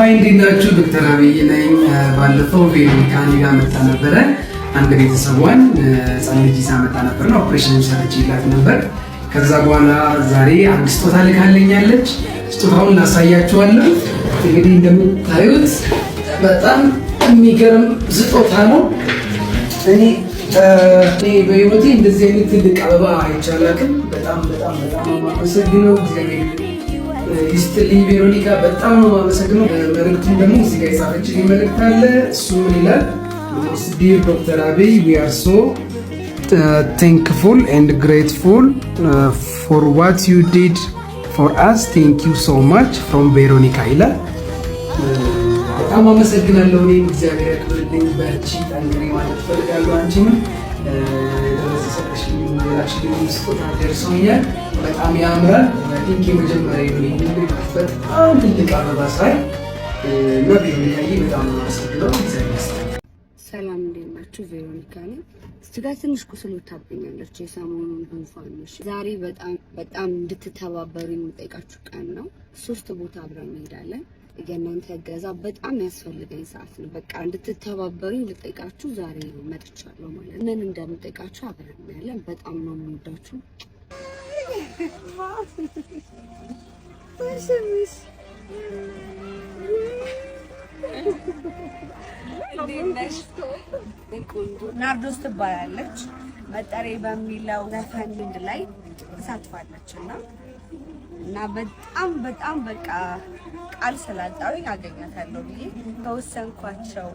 ሀይ እንዴት ናችሁ? ዶክተር አብይ ነኝ። ባለፈው ቬሮኒካ እኔ ጋር መጣ ነበረ። አንድ ቤተሰቧን ህፃን ልጅ ይዛ መጣ ነበር ነው ኦፕሬሽን ሰርቼላት ነበር። ከዛ በኋላ ዛሬ አንድ ስጦታ ልካለኛለች። ስጦታውን ላሳያችኋለሁ። እንግዲህ እንደምታዩት በጣም የሚገርም ስጦታ ነው። እኔ በህይወቴ እንደዚህ አይነት ትልቅ አበባ አይቻላክም። በጣም በጣም በጣም ማመሰግነው እግዚአብሔር ይስጥልኝ ቬሮኒካ፣ በጣም ነው የማመሰግነው። መልእክቱን ደግሞ እዚህ ጋር የጻፈችልኝ መልእክት አለ። እሱ ምን ይላል? ዲር ዶክተር አብይ ዊ አር ሶ ቴንክፉል ኤንድ ግሬትፉል ፎር ዋት ዩ ዲድ ፎር አስ ቴንክ ዩ ሶ ማች ፍሮም ቬሮኒካ ይላል። በጣም አመሰግናለሁ። እኔም እግዚአብሔር ያክብርልኝ። በርቺ፣ ጠንክሪ ማለት እፈልጋለሁ። አንቺንም ደረሰ ሌላሽ ላሽ ስጦታ ደርሰውኛል በጣም ያምራል። ቲንክ የመጀመሪያ በጣም ትልቅ አበባ ሳይ በጣም አመሰግነው። ሰላም እንዴት ናችሁ? ቬሮኒካ ነው። እዚህ ጋር ትንሽ ቁስል ታብኛለች፣ የሰሞኑን ጉንፋን። ዛሬ በጣም በጣም እንድትተባበሩ የምጠይቃችሁ ቀን ነው። ሶስት ቦታ አብረን እንሄዳለን። የእናንተ እገዛ በጣም ያስፈልገኝ ሰዓት ነው። በቃ እንድትተባበሩ ልጠይቃችሁ ዛሬ መጥቻለሁ ማለት ምን እንደምጠይቃችሁ አብረን እናያለን። በጣም ነው የምወዳችሁ። ናርዶስ ትባላለች። መጠሬ በሚለው ዘፈን ላይ ተሳትፋለች እና እና በጣም በጣም በቃ ቃል ስላጣሁኝ አገኛታለሁ ብዬ ከወሰንኳቸው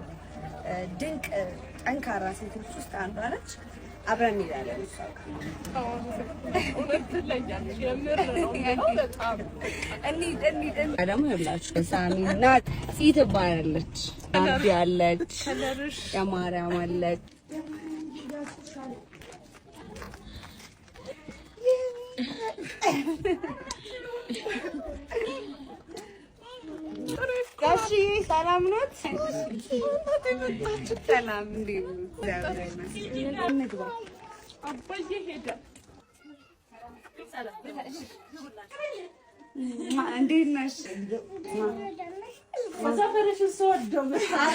ድንቅ ጠንካራ ሴቶች ውስጥ አንዷ ነች። አብረን እንሄዳለን። ደግሞ ይኸውላችሁ ሳሚ ናት ፂ ትባላለች። አቢ አለች፣ የማርያም አለች። ሰላም ኖት? ሰላም እንዴት ነው? ስወደው ላሳልፍ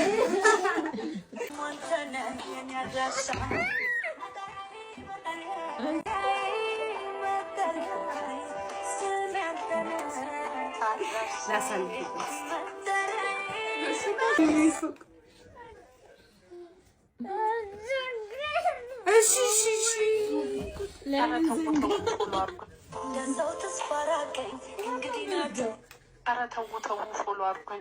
ኧረ ተው ተው፣ ፎሎ አድርጎኝ ተው። ኧረ ተው ተው፣ ፎሎ አድርጎኝ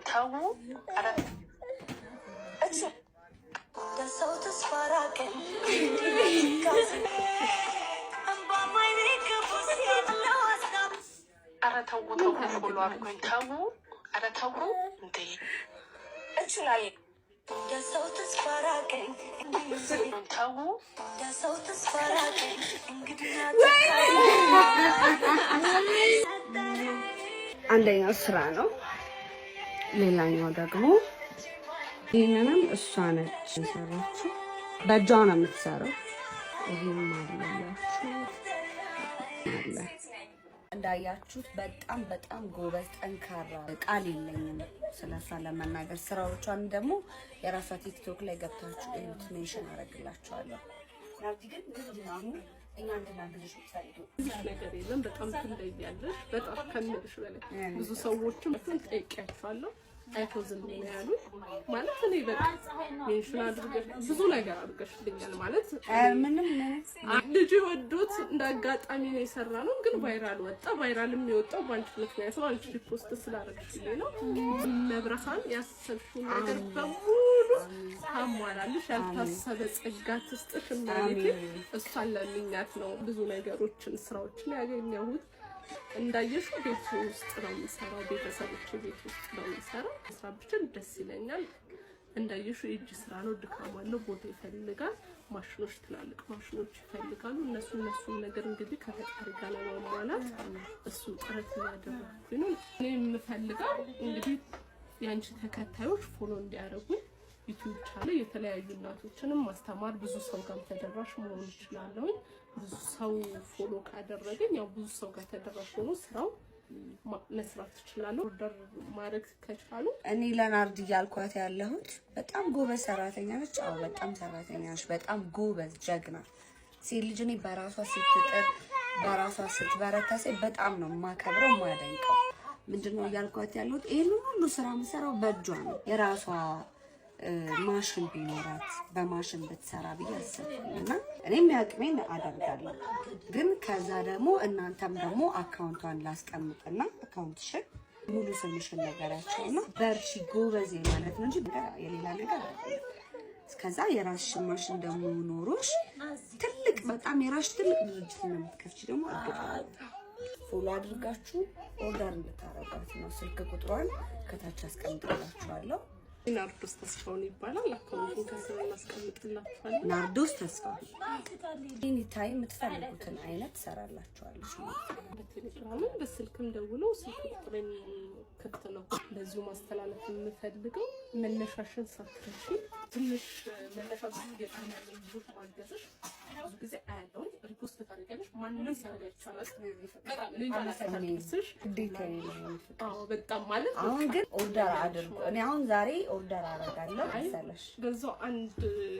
ተው። ኧረ ተው ይችላል። አንደኛው ስራ ነው። ሌላኛው ደግሞ ይህንንም እሷ ነች የሰራችው። በእጇ ነው የምትሰራው። ይህም አለላችሁ አለ እንዳያችሁት በጣም በጣም ጎበዝ ጠንካራ፣ ቃል የለኝም ስለሷ ለመናገር። ስራዎቿን ደግሞ የራሷ ቲክቶክ ላይ ገብታችሁ እዩት፣ ሜንሽን አደርግላችኋለሁ። በጣም ትለያለሽ፣ በጣም ከምልሽ በላይ ብዙ ሰዎችም ጠይቂያችኋለሁ አይፎዝም ነው ያሉ ማለት እኔ በቃ ሜንሽን አድርገሽ ብዙ ነገር አድርገሽልኛል ማለት ምንም ልጅ ወዶት እንዳጋጣሚ ነው የሰራ ነው ግን ቫይራል ወጣ። ቫይራልም የወጣው በአንቺ ምክንያት ነው። አንቺ ፖስት ስላደረግሽልኝ ነው። መብርሃን ያሰብሽው ነገር በሙሉ ታሟላልሽ። ያልታሰበ ጸጋ ትስጥሽ እሷን ለምኛት ነው ብዙ ነገሮችን ስራዎችን ያገኘሁት። እንዳየሹ ቤት ውስጥ ነው የምሰራው፣ ቤተሰቦች ቤት ውስጥ ነው የምሰራው። ስራ ብችን ደስ ይለኛል። እንዳየሹ የእጅ ስራ ነው፣ ድካም አለው፣ ቦታ ይፈልጋል። ማሽኖች፣ ትላልቅ ማሽኖች ይፈልጋሉ። እነሱ እነሱም ነገር እንግዲህ ከፈጣሪ ጋር ለማሟላት እሱ ጥረት እያደረኩኝ ነው። እኔ የምፈልገው እንግዲህ የአንቺ ተከታዮች ፎሎ እንዲያደርጉኝ ዩቲዩብ ቻለ የተለያዩ እናቶችንም ማስተማር ብዙ ሰው ጋር ተደራሽ መሆን ይችላለሁኝ። ብዙ ሰው ፎሎ ካደረገኝ ያው ብዙ ሰው ጋር ተደራሽ ሆኖ ስራው መስራት ትችላለሁ። ኦርደር ማድረግ ከቻሉ እኔ ለናርድ እያልኳት ያለሁት በጣም ጎበዝ ሰራተኛ ነች። አዎ በጣም ሰራተኛ ነች። በጣም ጎበዝ ጀግና ሴት ልጅ እኔ በራሷ ስትጥር በራሷ ስትበረታ ሴት በጣም ነው የማከብረው የማደንቀው። ምንድነው እያልኳት ያለሁት ይህንን ሁሉ ስራ የምሰራው በእጇ ነው የራሷ ማሽን ቢኖራት በማሽን ብትሰራ ብዬ አስብኩኝ እና እኔም ያቅሜን አደርጋለሁ። ግን ከዛ ደግሞ እናንተም ደግሞ አካውንቷን ላስቀምጥና አካውንትሽን ሙሉ ስምሽን ነገራቸው እና በርሺ ጎበዜ ማለት ነው እንጂ የሌላ ነገር እስከዛ የራስሽ ማሽን ደግሞ ኖሮሽ ትልቅ በጣም የራስሽ ትልቅ ድርጅት ነው ደግሞ እርግጠ ፎሎ አድርጋችሁ ኦርደር እንድታረጓት ነው። ስልክ ቁጥሯን ከታች አስቀምጥላችኋለሁ። ናርዶስ ተስፋውን ይባላል። አካውንቱን ከስር እናስቀምጥላችኋለን። ናርዶስ ተስፋ የምትፈልጉትን አይነት ሰራላችኋለች። በቴሌግራምም በስልክም ደውሎ ስልክ ክፍት ነው። በዚሁ ማስተላለፍ የምፈልገው መነሻሽን ሳትረሽ ትንሽ መነሻ ብዙ ጌጣ ያለ ማገዝሽ ብዙ ጊዜ አያለውም ፖስት ታደርጊያለሽ። በጣም ማለት አሁን ግን ኦርደር አድርጎ እኔ አሁን ዛሬ ኦርደር አደርጋለሁ መሰለሽ። በዛው አንድ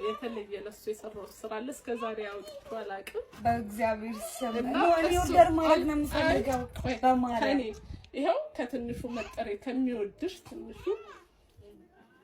የተለየ ለሱ የሰራሁት ስራ አለ። እስከ ዛሬ አውጥቼው አላውቅም። በእግዚአብሔር ስም ኦርደር ማድረግ ነው የምፈልገው። በማለት ይኸው ከትንሹ መጠሪያ ከሚወድሽ ትንሹ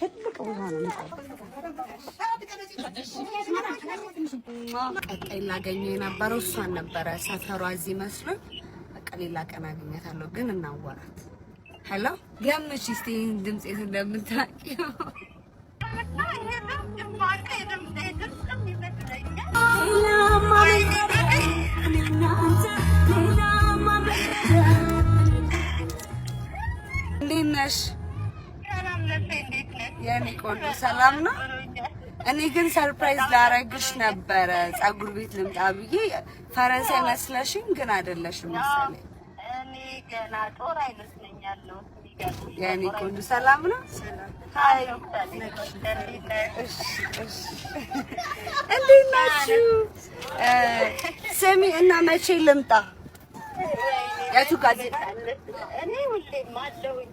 ትልቅ ውሃ ነው። ቀጣይ ላገኘው የነበረው እሷን ነበረ። ሰፈሯ እዚህ መስሎኝ በቃ ሌላ ቀን አገኘታለሁ፣ ግን እናዋራት። ሄሎ ገምች እስኪ ድምፅ እንደምታውቂው እንዴት ነሽ? ቆንጆ ሰላም ነው። እኔ ግን ሰርፕራይዝ ላረግሽ ነበረ ፀጉር ቤት ልምጣ ብዬ ፈረንሳይ መስለሽኝ ግን አይደለሽም መሰለኝ። እኔ ገና ጦር አይመስለኛል የእኔ ቆንጆ ሰላም ነው። እንዴት ናችሁ? ስሚ እና መቼ ልምጣ? የቱ ጋዜ እኔ ሁሌም አለሁኝ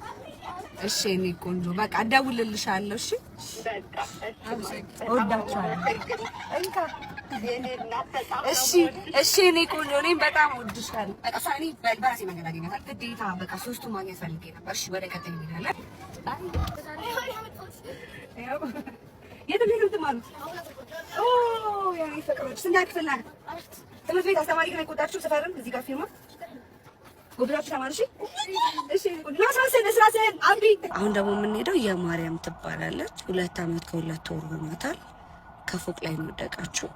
እሺ እኔ ቆንጆ በቃ እደውልልሻለሁ። እሺ እሺ እሺ እኔ ቆንጆ እኔም በጣም እወድሻለሁ። በቃ በራሴ መንገድ አገኛታል ግዴታ በቃ ሶስቱ ማግኘት ፈልጌ ነበር። እሺ ወደ ቀጥ እንሄዳለን። የት ነው አሉት። ፍቅሮች ስንት ክፍል ናት ትምህርት ቤት አስተማሪ ግን አይቆጣችሁም? ስፈርም እዚህ ጋር ፊርማ አሁን ደግሞ የምንሄደው የማርያም ትባላለች። ሁለት አመት ከሁለት ወር ሆኗታል። ከፎቅ ላይ ወደቀችው።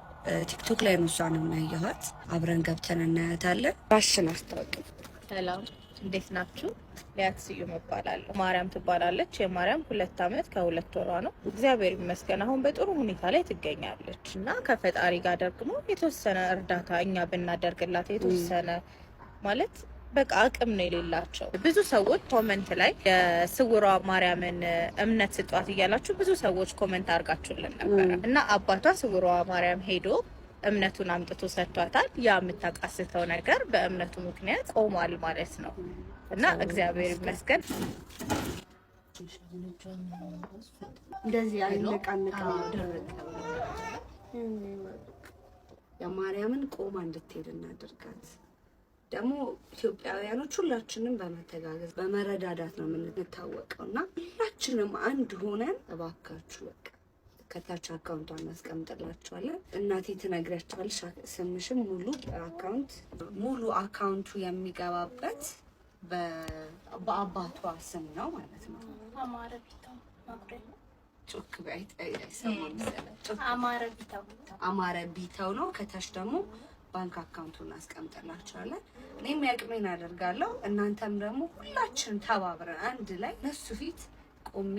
ቲክቶክ ላይ ነው እሷን የሚያየኋት። አብረን ገብተን እናያታለን። ራሽን አስታወቂ። ሰላም እንዴት ናችሁ? ሊያት ስዩም እባላለሁ። ማርያም ትባላለች። የማርያም ሁለት ዓመት ከሁለት ወሯ ነው። እግዚአብሔር ይመስገን አሁን በጥሩ ሁኔታ ላይ ትገኛለች እና ከፈጣሪ ጋር ደግሞ የተወሰነ እርዳታ እኛ ብናደርግላት የተወሰነ ማለት በቃ አቅም ነው የሌላቸው። ብዙ ሰዎች ኮመንት ላይ የስውሯ ማርያምን እምነት ስጧት እያላችሁ ብዙ ሰዎች ኮመንት አድርጋችሁልን ነበረ እና አባቷ ስውሯ ማርያም ሄዶ እምነቱን አምጥቶ ሰጥቷታል። ያ የምታቃስተው ነገር በእምነቱ ምክንያት ቆሟል ማለት ነው እና እግዚአብሔር ይመስገን። እንደዚህ የማርያምን ቆማ እንድትሄድ እናደርጋት ደግሞ ኢትዮጵያውያኖች ሁላችንም በመተጋገዝ በመረዳዳት ነው የምንታወቀው እና ሁላችንም አንድ ሆነን እባካችሁ በቃ ከታች አካውንቷን እናስቀምጥላችኋለን። እናቴ ትነግራችኋለች። ስምሽም ሙሉ አካውንት ሙሉ አካውንቱ የሚገባበት በአባቷ ስም ነው ማለት ነው። አማረ ቢታው ጮክ አማረ ነው። ከታች ደግሞ ባንክ አካውንቱን እናስቀምጥላችኋለን። እኔም ያቅሜን አደርጋለሁ። እናንተም ደግሞ ሁላችንም ተባብረን አንድ ላይ ነሱ ፊት ቆሜ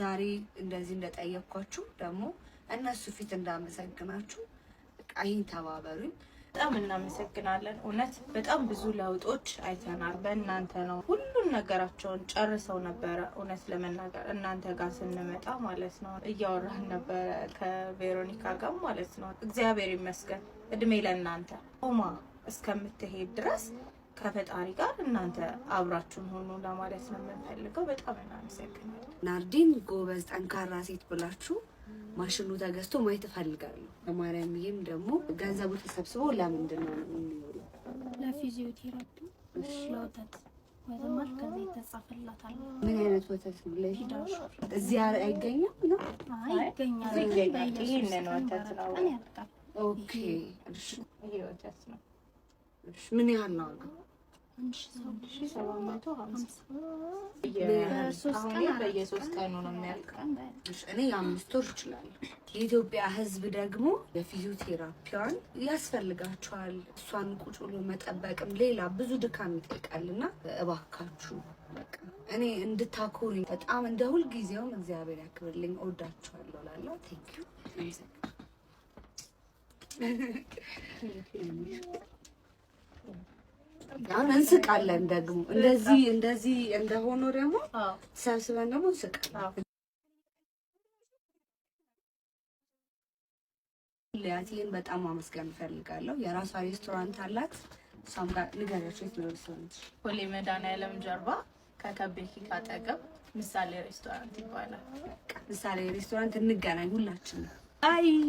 ዛሬ እንደዚህ እንደጠየኳችሁ ደግሞ እነሱ ፊት እንዳመሰግናችሁ ይህን ተባበሩኝ። በጣም እናመሰግናለን። እውነት በጣም ብዙ ለውጦች አይተናል። በእናንተ ነው ሁሉን ነገራቸውን ጨርሰው ነበረ። እውነት ለመናገር እናንተ ጋር ስንመጣ ማለት ነው እያወራን ነበረ ከቬሮኒካ ጋር ማለት ነው። እግዚአብሔር ይመስገን። እድሜ ለእናንተ ማ እስከምትሄድ ድረስ ከፈጣሪ ጋር እናንተ አብራችሁን ሆኖ ለማለት ነው የምንፈልገው። በጣም እናመሰግናለን። ናርዲን ጎበዝ፣ ጠንካራ ሴት ብላችሁ ማሽኑ ተገዝቶ ማየት እፈልጋለሁ። ለማርያም ይህም ደግሞ ገንዘቡ ተሰብስቦ ለምንድን ነው ለፊዚዮቴራፒ ለወተት ወተማር ከዚ ተጻፈላታል። ምን አይነት ወተት ነው? ለሂዳ እዚህ አይገኝም ነው ይገኛል። ይህንን ወተት ነው። ኦኬ፣ ይህ ወተት ነው ምን ያህል ነው? በየሶስት እኔ የአምስት ወር እችላለሁ። የኢትዮጵያ ሕዝብ ደግሞ የፊዚዮቴራፒዋን ያስፈልጋቸዋል። እሷን ቁጭ ብሎ መጠበቅም ሌላ ብዙ ድካም ይጠይቃልና እባካችሁ እኔ እንድታኮሩኝ በጣም እንደ ሁልጊዜውም እግዚአብሔር ያክብርልኝ። እወዳችኋለሁ እላለሁ። ቴንኪው እንስቃለን። ደግሞ እንደዚህ እንደዚህ እንደሆነ ደግሞ ተሰብስበን ደግሞ እንስቃለን። ሊያቲን በጣም ማመስገን እፈልጋለሁ። የራሷ ሬስቶራንት አላት። እሷም ጋር ንገሪያቸው የት ነው ሬስቶራንት? ሁሌ መድኃኒዓለም ጀርባ ከከቤኪ አጠገብ ምሳሌ ሬስቶራንት ይባላል። ምሳሌ ሬስቶራንት እንገናኝ ሁላችን። አይ